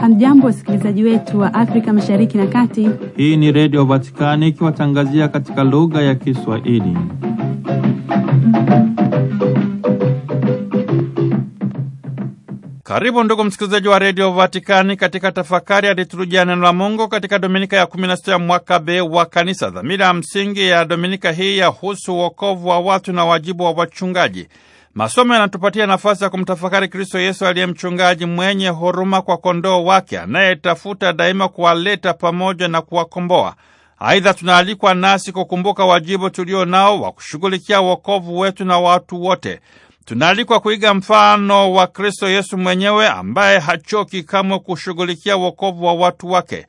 Hamjambo, wasikilizaji wetu wa Afrika Mashariki na Kati. Hii ni Redio Vatikani ikiwatangazia katika lugha ya Kiswahili. Karibu ndugu msikilizaji wa Redio Vatikani katika tafakari ya liturujia neno la Mungu katika Dominika ya 16 ya mwaka B wa Kanisa. Dhamira ya msingi ya Dominika hii yahusu wokovu wa watu na wajibu wa wachungaji. Masomo yanatupatia nafasi ya kumtafakari Kristo Yesu aliye mchungaji mwenye huruma kwa kondoo wake anayetafuta daima kuwaleta pamoja na kuwakomboa. Aidha, tunaalikwa nasi kukumbuka wajibu tulio nao wa kushughulikia wokovu wetu na watu wote. Tunaalikwa kuiga mfano wa Kristo Yesu mwenyewe ambaye hachoki kamwe kushughulikia wokovu wa watu wake.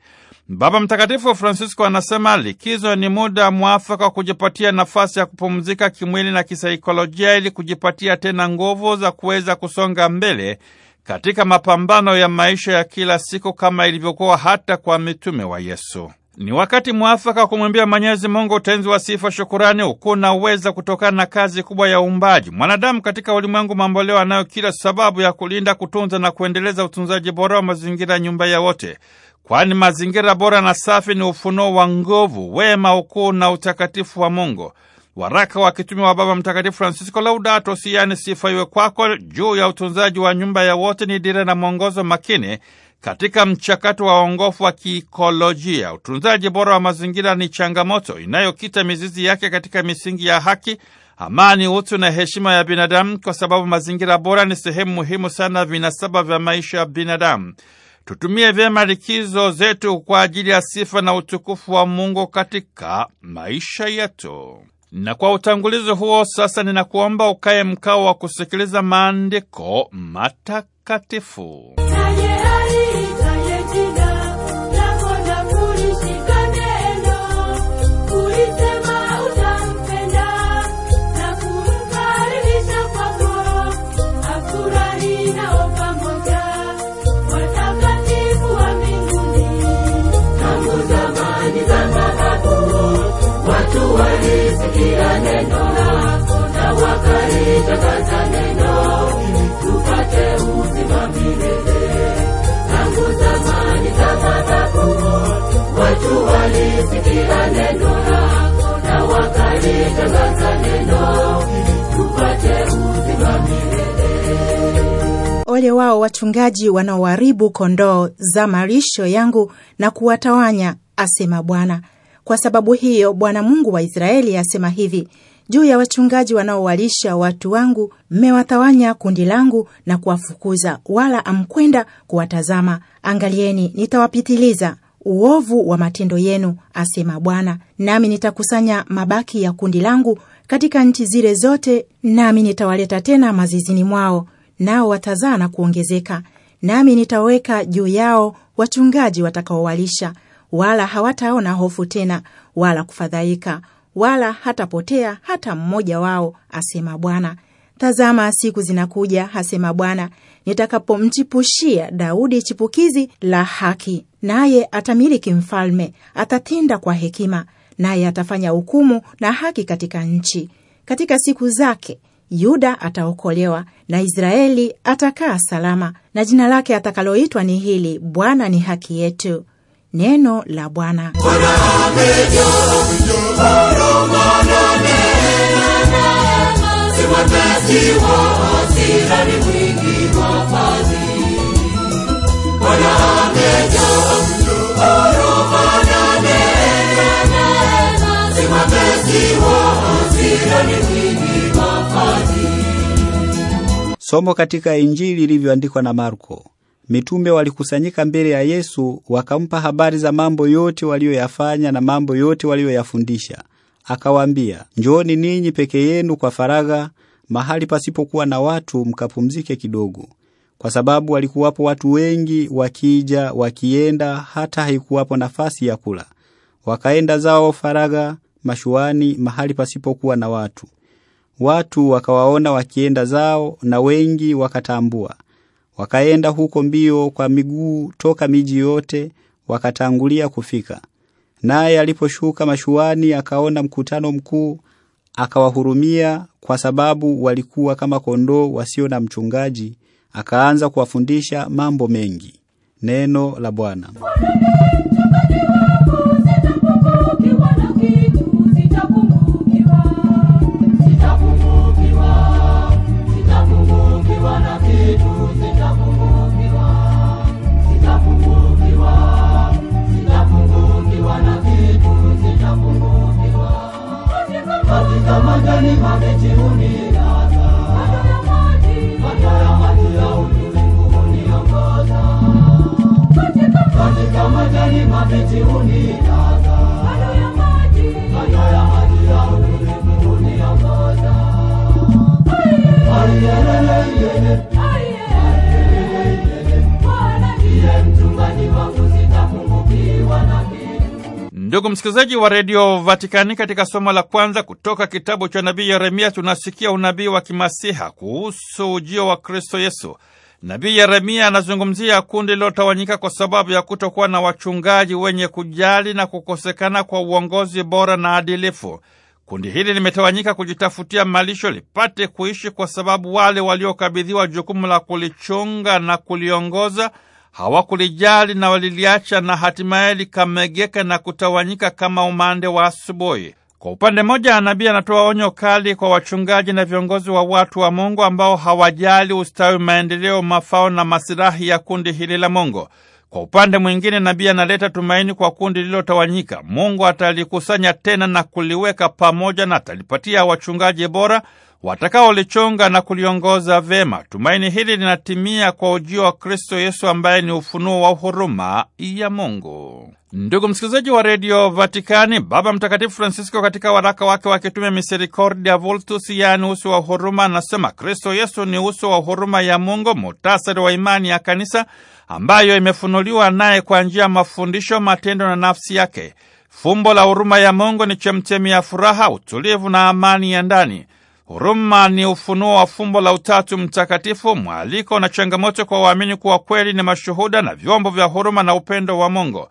Baba Mtakatifu Francisco anasema likizo ni muda mwafaka wa kujipatia nafasi ya kupumzika kimwili na kisaikolojia ili kujipatia tena nguvu za kuweza kusonga mbele katika mapambano ya maisha ya kila siku kama ilivyokuwa hata kwa mitume wa Yesu. Ni wakati mwafaka wa kumwimbia Mwenyezi Mungu utenzi wa sifa, shukurani, ukuu na uweza kutokana na kazi kubwa ya uumbaji. Mwanadamu katika ulimwengu mamboleo anayo kila sababu ya kulinda, kutunza na kuendeleza utunzaji bora wa mazingira, nyumba ya wote kwani mazingira bora na safi ni ufunuo wa nguvu, wema, ukuu na utakatifu wa Mungu. Waraka wa kitume wa Baba Mtakatifu Francisco Laudato Si, yaani sifa iwe kwako, juu ya utunzaji wa nyumba ya wote ni dira na mwongozo makini katika mchakato wa uongofu wa kiikolojia. Utunzaji bora wa mazingira ni changamoto inayokita mizizi yake katika misingi ya haki, amani, utu na heshima ya binadamu, kwa sababu mazingira bora ni sehemu muhimu sana vinasaba vya maisha ya binadamu tutumie vyema likizo zetu kwa ajili ya sifa na utukufu wa Mungu katika maisha yetu. Na kwa utangulizi huo sasa, ninakuomba ukaye mkao wa kusikiliza maandiko matakatifu. walisikia neno lako na wakalitangaza neno tupate uzima milele. Ole wao wachungaji wanaoharibu kondoo za malisho yangu na kuwatawanya, asema Bwana. Kwa sababu hiyo Bwana Mungu wa Israeli asema hivi juu ya wachungaji wanaowalisha watu wangu, mmewatawanya kundi langu na kuwafukuza, wala amkwenda kuwatazama. Angalieni, nitawapitiliza uovu wa matendo yenu, asema Bwana, nami nitakusanya mabaki ya kundi langu katika nchi zile zote, nami nitawaleta tena mazizini mwao, nao watazaa na kuongezeka, nami nitaweka juu yao wachungaji watakaowalisha, wala hawataona hofu tena wala kufadhaika, wala hatapotea hata mmoja wao, asema Bwana. Tazama, siku zinakuja, hasema Bwana, nitakapomchipushia Daudi chipukizi la haki, naye atamiliki mfalme, atatenda kwa hekima, naye atafanya hukumu na haki katika nchi. Katika siku zake Yuda ataokolewa na Israeli atakaa salama, na jina lake atakaloitwa ni hili, Bwana ni haki yetu. Neno la Bwana. Somo katika Injili ilivyoandikwa na Marko. Mitume walikusanyika mbele ya Yesu wakampa habari za mambo yote waliyoyafanya na mambo yote waliyoyafundisha. Akawaambia, njooni ninyi peke yenu kwa faragha mahali pasipokuwa na watu mkapumzike kidogo, kwa sababu walikuwapo watu wengi wakija wakienda, hata haikuwapo nafasi ya kula. Wakaenda zao faraga mashuani, mahali pasipokuwa na watu. Watu wakawaona wakienda zao, na wengi wakatambua, wakaenda huko mbio kwa miguu toka miji yote, wakatangulia kufika. Naye aliposhuka mashuani, akaona mkutano mkuu akawahurumia kwa sababu walikuwa kama kondoo wasio na mchungaji, akaanza kuwafundisha mambo mengi. Neno la Bwana. Ndugu msikilizaji wa redio Vatikani, katika somo la kwanza kutoka kitabu cha nabii Yeremia tunasikia unabii wa kimasiha kuhusu ujio wa Kristo Yesu. Nabii Yeremia anazungumzia kundi lilotawanyika kwa sababu ya kutokuwa na wachungaji wenye kujali na kukosekana kwa uongozi bora na adilifu. Kundi hili limetawanyika kujitafutia malisho lipate kuishi, kwa sababu wale waliokabidhiwa jukumu la kulichunga na kuliongoza hawakulijali na waliliacha, na hatimaye likamegeka na kutawanyika kama umande wa asubuhi. Kwa upande mmoja, nabii anatoa onyo kali kwa wachungaji na viongozi wa watu wa Mungu ambao hawajali ustawi, maendeleo, mafao na masilahi ya kundi hili la Mungu. Kwa upande mwingine, nabii analeta tumaini kwa kundi lililotawanyika. Mungu atalikusanya tena na kuliweka pamoja, na atalipatia wachungaji bora watakaolichunga na kuliongoza vema. Tumaini hili linatimia kwa ujio wa Kristo Yesu ambaye ni ufunuo wa huruma ya Mungu. Ndugu msikilizaji wa redio Vatikani, Baba Mtakatifu Francisco katika waraka wake wa kitume Misericordia Vultus, yaani uso wa huruma, anasema Kristo Yesu ni uso wa huruma ya Mungu, muhtasari wa imani ya Kanisa ambayo imefunuliwa naye kwa njia ya mafundisho, matendo na nafsi yake. Fumbo la huruma ya Mungu ni chemchemi ya furaha, utulivu na amani ya ndani. Huruma ni ufunuo wa fumbo la Utatu Mtakatifu, mwaliko na changamoto kwa waamini kuwa kweli ni mashuhuda na vyombo vya huruma na upendo wa Mungu.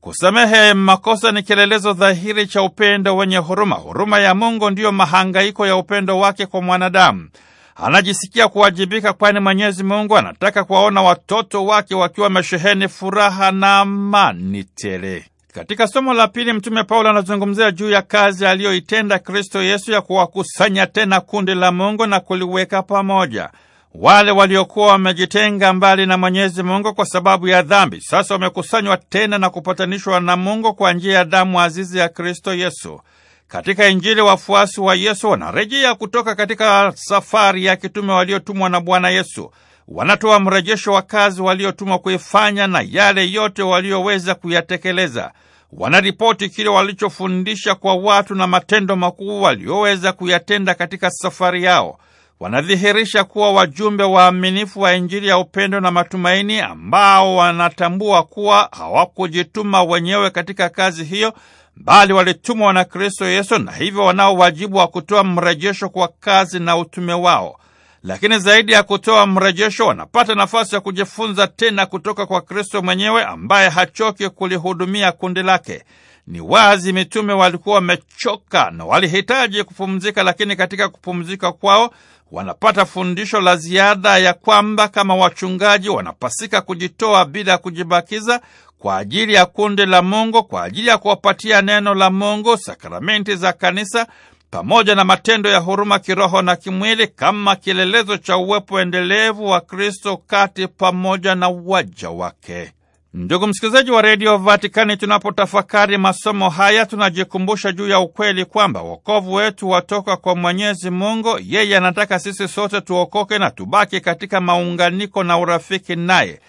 Kusamehe makosa ni kielelezo dhahiri cha upendo wenye huruma. Huruma ya Mungu ndiyo mahangaiko ya upendo wake kwa mwanadamu. Anajisikia kuwajibika, kwani Mwenyezi Mungu anataka kuwaona watoto wake wakiwa mesheheni furaha na amani tele. Katika somo la pili Mtume Paulo anazungumzia juu ya kazi aliyoitenda Kristo Yesu ya kuwakusanya tena kundi la Mungu na kuliweka pamoja. Wale waliokuwa wamejitenga mbali na Mwenyezi Mungu kwa sababu ya dhambi, sasa wamekusanywa tena na kupatanishwa na Mungu kwa njia ya damu azizi ya Kristo Yesu. Katika Injili, wafuasi wa Yesu wanarejea kutoka katika safari ya kitume waliotumwa na Bwana Yesu wanatoa mrejesho wa kazi waliotumwa kuifanya na yale yote walioweza kuyatekeleza. Wanaripoti kile walichofundisha kwa watu na matendo makuu walioweza kuyatenda katika safari yao. Wanadhihirisha kuwa wajumbe waaminifu wa Injili ya upendo na matumaini ambao wanatambua kuwa hawakujituma wenyewe katika kazi hiyo, bali walitumwa na Kristo Yesu, na hivyo wanao wajibu wa kutoa mrejesho kwa kazi na utume wao lakini zaidi ya kutoa mrejesho, wanapata nafasi ya kujifunza tena kutoka kwa Kristo mwenyewe ambaye hachoki kulihudumia kundi lake. Ni wazi mitume walikuwa wamechoka na walihitaji kupumzika, lakini katika kupumzika kwao wanapata fundisho la ziada ya kwamba kama wachungaji wanapasika kujitoa bila ya kujibakiza kwa ajili ya kundi la Mungu, kwa ajili ya kuwapatia neno la Mungu, sakramenti za kanisa pamoja na matendo ya huruma kiroho na kimwili kama kielelezo cha uwepo endelevu wa Kristo kati pamoja na waja wake. Ndugu msikilizaji wa redio Vatikani, tunapotafakari masomo haya tunajikumbusha juu ya ukweli kwamba wokovu wetu watoka kwa Mwenyezi Mungu. Yeye anataka sisi sote tuokoke na tubaki katika maunganiko na urafiki naye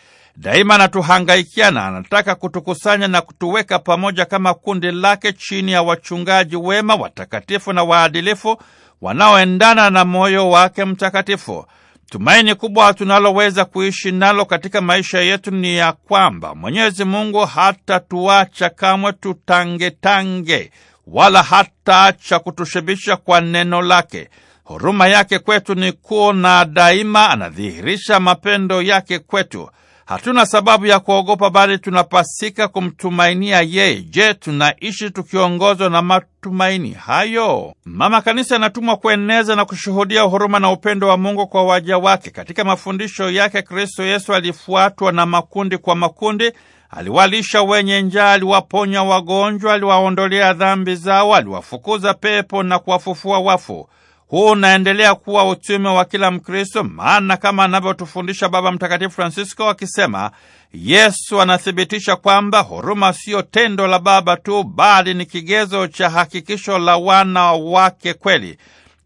daima anatuhangaikia na anataka kutukusanya na kutuweka pamoja kama kundi lake chini ya wachungaji wema, watakatifu na waadilifu wanaoendana na moyo wake mtakatifu. Tumaini kubwa tunaloweza kuishi nalo katika maisha yetu ni ya kwamba Mwenyezi Mungu hatatuacha kamwe tutangetange, wala hataacha kutushibisha kwa neno lake. Huruma yake kwetu ni kuu na daima anadhihirisha mapendo yake kwetu. Hatuna sababu ya kuogopa, bali tunapasika kumtumainia yeye. Je, tunaishi tukiongozwa na matumaini hayo? Mama Kanisa anatumwa kueneza na kushuhudia huruma na upendo wa Mungu kwa waja wake. Katika mafundisho yake, Kristo Yesu alifuatwa na makundi kwa makundi Aliwalisha wenye njaa, aliwaponya wagonjwa, aliwaondolea dhambi zao, aliwafukuza pepo na kuwafufua wafu. Huu unaendelea kuwa utume wa kila Mkristo, maana kama anavyotufundisha Baba Mtakatifu Francisco akisema, Yesu anathibitisha kwamba huruma siyo tendo la Baba tu, bali ni kigezo cha hakikisho la wana wake kweli.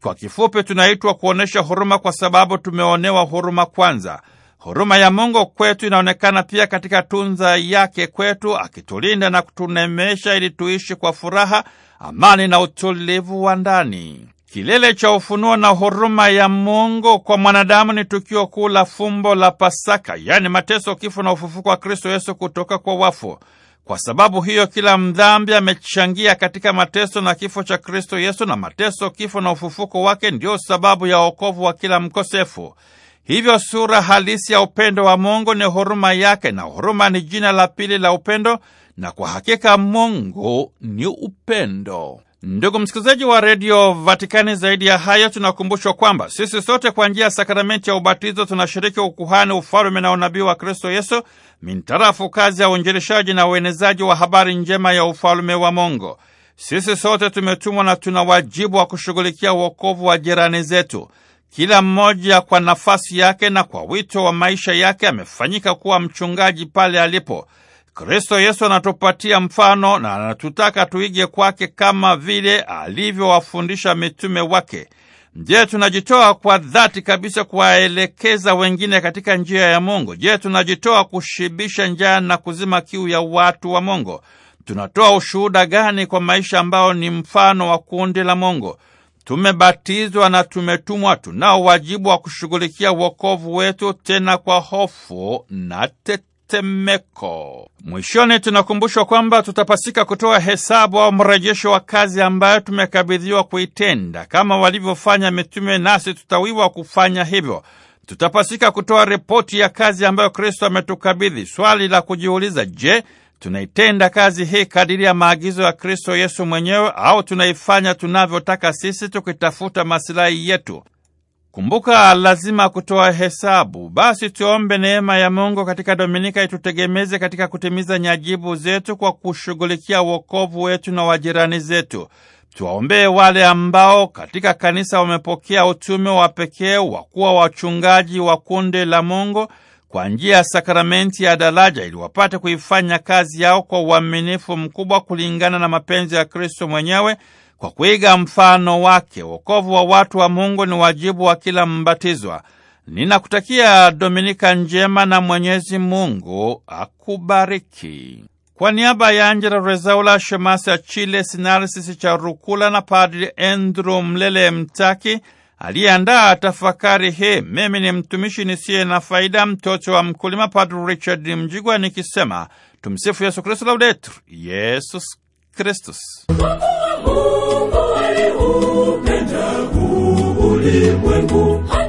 Kwa kifupi, tunaitwa kuonyesha huruma kwa sababu tumeonewa huruma kwanza. Huruma ya Mungu kwetu inaonekana pia katika tunza yake kwetu, akitulinda na kutunemesha ili tuishi kwa furaha, amani na utulivu wa ndani. Kilele cha ufunuo na huruma ya Mungu kwa mwanadamu ni tukio kuu la fumbo la Pasaka, yaani mateso, kifo na ufufuko wa Kristo Yesu kutoka kwa wafu. Kwa sababu hiyo, kila mdhambi amechangia katika mateso na kifo cha Kristo Yesu, na mateso, kifo na ufufuko wake ndio sababu ya wokovu wa kila mkosefu. Hivyo sura halisi ya upendo wa Mungu ni huruma yake, na huruma ni jina la pili la upendo, na kwa hakika Mungu ni upendo. Ndugu msikilizaji wa redio Vatikani, zaidi ya hayo tunakumbushwa kwamba sisi sote kwa njia ya sakramenti ya ubatizo tunashiriki ukuhani, ufalume na unabii wa Kristo Yesu mintarafu kazi ya uinjilishaji na uenezaji wa habari njema ya ufalume wa Mungu. Sisi sote tumetumwa na tuna wajibu wa kushughulikia uokovu wa jirani zetu. Kila mmoja kwa nafasi yake na kwa wito wa maisha yake amefanyika kuwa mchungaji pale alipo. Kristo Yesu anatupatia mfano na anatutaka tuige kwake kama vile alivyowafundisha mitume wake. Je, tunajitoa kwa dhati kabisa kuwaelekeza wengine katika njia ya Mungu? Je, tunajitoa kushibisha njaa na kuzima kiu ya watu wa Mungu? Tunatoa ushuhuda gani kwa maisha ambao ni mfano wa kundi la Mungu? Tumebatizwa na tumetumwa, tunao wajibu wa kushughulikia wokovu wetu, tena kwa hofu na tete tetemeko. Mwishoni, tunakumbushwa kwamba tutapasika kutoa hesabu au mrejesho wa kazi ambayo tumekabidhiwa kuitenda. Kama walivyofanya mitume, nasi tutawiwa kufanya hivyo. Tutapasika kutoa ripoti ya kazi ambayo Kristo ametukabidhi. Swali la kujiuliza, je, tunaitenda kazi hii kadiri ya maagizo ya Kristo Yesu mwenyewe au tunaifanya tunavyotaka sisi tukitafuta masilahi yetu? Kumbuka, lazima kutoa hesabu. Basi tuombe neema ya Mungu katika Dominika itutegemeze katika kutimiza nyajibu zetu kwa kushughulikia wokovu wetu na wajirani zetu. Tuwaombee wale ambao katika kanisa wamepokea utume wa pekee wa kuwa wachungaji wa kundi la Mungu kwa njia ya sakramenti ya daraja, ili wapate kuifanya kazi yao kwa uaminifu mkubwa kulingana na mapenzi ya Kristo mwenyewe kwa kuiga mfano wake, wokovu wa watu wa Mungu ni wajibu wa kila mbatizwa. Ninakutakia Dominika njema na Mwenyezi Mungu akubariki. Kwa niaba ya Angela Rezaula, shemasi ya Chile Sinarisisi cha Rukula na Padri Andrew Mlele Mtaki aliyeandaa tafakari hii, mimi ni mtumishi nisiye na faida, mtoto wa mkulima, Padri Richard Mjigwa, nikisema tumsifu Yesu Kristu, laudetur Yesus Kristus. 不不爱的舞，跟着舞，灵魂舞。